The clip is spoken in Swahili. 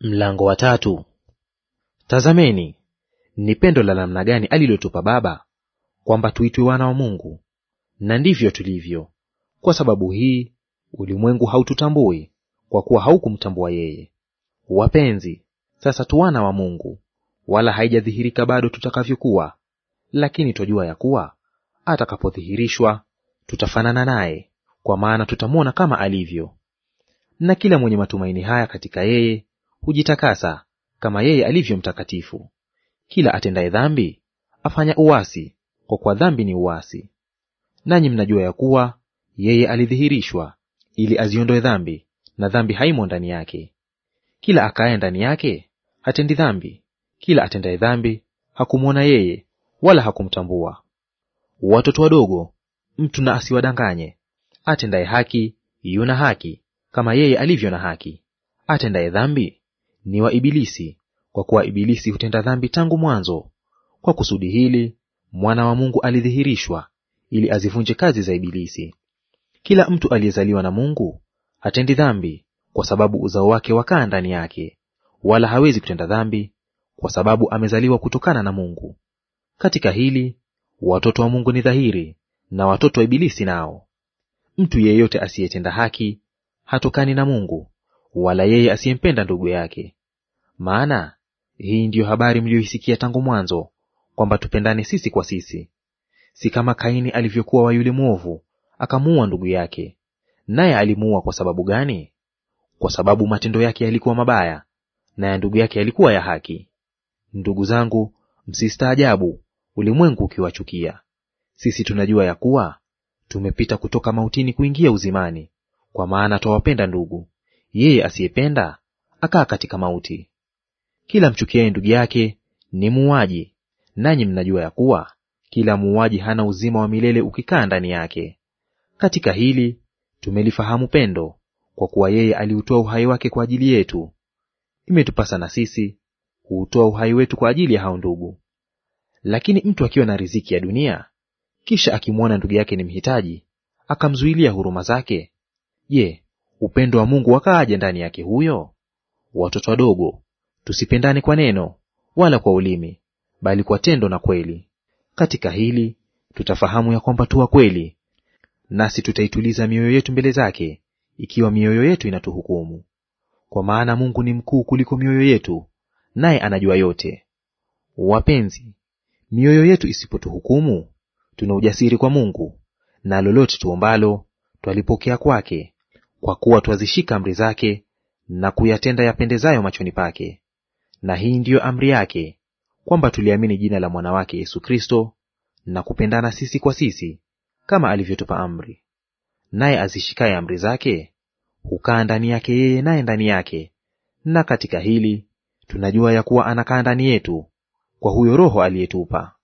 Mlango wa tatu. Tazameni ni pendo la namna gani alilotupa Baba kwamba tuitwe wana wa Mungu, na ndivyo tulivyo. Kwa sababu hii ulimwengu haututambui kwa kuwa haukumtambua yeye. Wapenzi, sasa tu wana wa Mungu, wala haijadhihirika bado tutakavyokuwa, lakini twajua ya kuwa atakapodhihirishwa tutafanana naye, kwa maana tutamwona kama alivyo. Na kila mwenye matumaini haya katika yeye hujitakasa kama yeye alivyo mtakatifu. Kila atendaye dhambi afanya uasi, kwa kuwa dhambi ni uasi. Nanyi mnajua ya kuwa yeye alidhihirishwa ili aziondoe dhambi, na dhambi haimo ndani yake. Kila akaaye ndani yake hatendi dhambi; kila atendaye dhambi hakumwona yeye, wala hakumtambua. Watoto wadogo, mtu na asiwadanganye. Atendaye haki yuna haki, kama yeye alivyo na haki. Atendaye dhambi ni wa Ibilisi, kwa kuwa Ibilisi hutenda dhambi tangu mwanzo. Kwa kusudi hili mwana wa Mungu alidhihirishwa, ili azivunje kazi za Ibilisi. Kila mtu aliyezaliwa na Mungu hatendi dhambi, kwa sababu uzao wake wakaa ndani yake, wala hawezi kutenda dhambi, kwa sababu amezaliwa kutokana na Mungu. Katika hili watoto wa Mungu ni dhahiri, na watoto wa Ibilisi nao. Mtu yeyote asiyetenda haki hatokani na Mungu, wala yeye asiyempenda ndugu yake. Maana hii ndiyo habari mliyoisikia tangu mwanzo, kwamba tupendane sisi kwa sisi; si kama Kaini alivyokuwa wa yule mwovu, akamuua ndugu yake. Naye alimuua kwa sababu gani? Kwa sababu matendo yake yalikuwa mabaya, na ya ndugu yake yalikuwa ya haki. Ndugu zangu, msistaajabu ulimwengu ukiwachukia. Sisi tunajua ya kuwa tumepita kutoka mautini kuingia uzimani, kwa maana twawapenda ndugu. Yeye asiyependa akaa katika mauti. Kila mchukiaye ndugu yake ni muuaji, nanyi mnajua ya kuwa kila muuaji hana uzima wa milele ukikaa ndani yake. Katika hili tumelifahamu pendo, kwa kuwa yeye aliutoa uhai wake kwa ajili yetu; imetupasa na sisi kuutoa uhai wetu kwa ajili ya hao ndugu. Lakini mtu akiwa na riziki ya dunia, kisha akimwona ndugu yake ni mhitaji, akamzuilia huruma zake, je, upendo wa Mungu wakaaje ndani yake huyo? Watoto wadogo, Tusipendane kwa neno wala kwa ulimi, bali kwa tendo na kweli. Katika hili tutafahamu ya kwamba tuwa kweli, nasi tutaituliza mioyo yetu mbele zake, ikiwa mioyo yetu inatuhukumu. Kwa maana Mungu ni mkuu kuliko mioyo yetu, naye anajua yote. Wapenzi, mioyo yetu isipotuhukumu, tuna ujasiri kwa Mungu, na lolote tuombalo twalipokea kwake, kwa kuwa twazishika amri zake na kuyatenda yapendezayo machoni pake. Na hii ndiyo amri yake, kwamba tuliamini jina la mwana wake Yesu Kristo, na kupendana sisi kwa sisi, kama alivyotupa amri. Naye azishikaye amri zake hukaa ndani yake, yeye naye ndani yake. Na katika hili tunajua ya kuwa anakaa ndani yetu, kwa huyo Roho aliyetupa.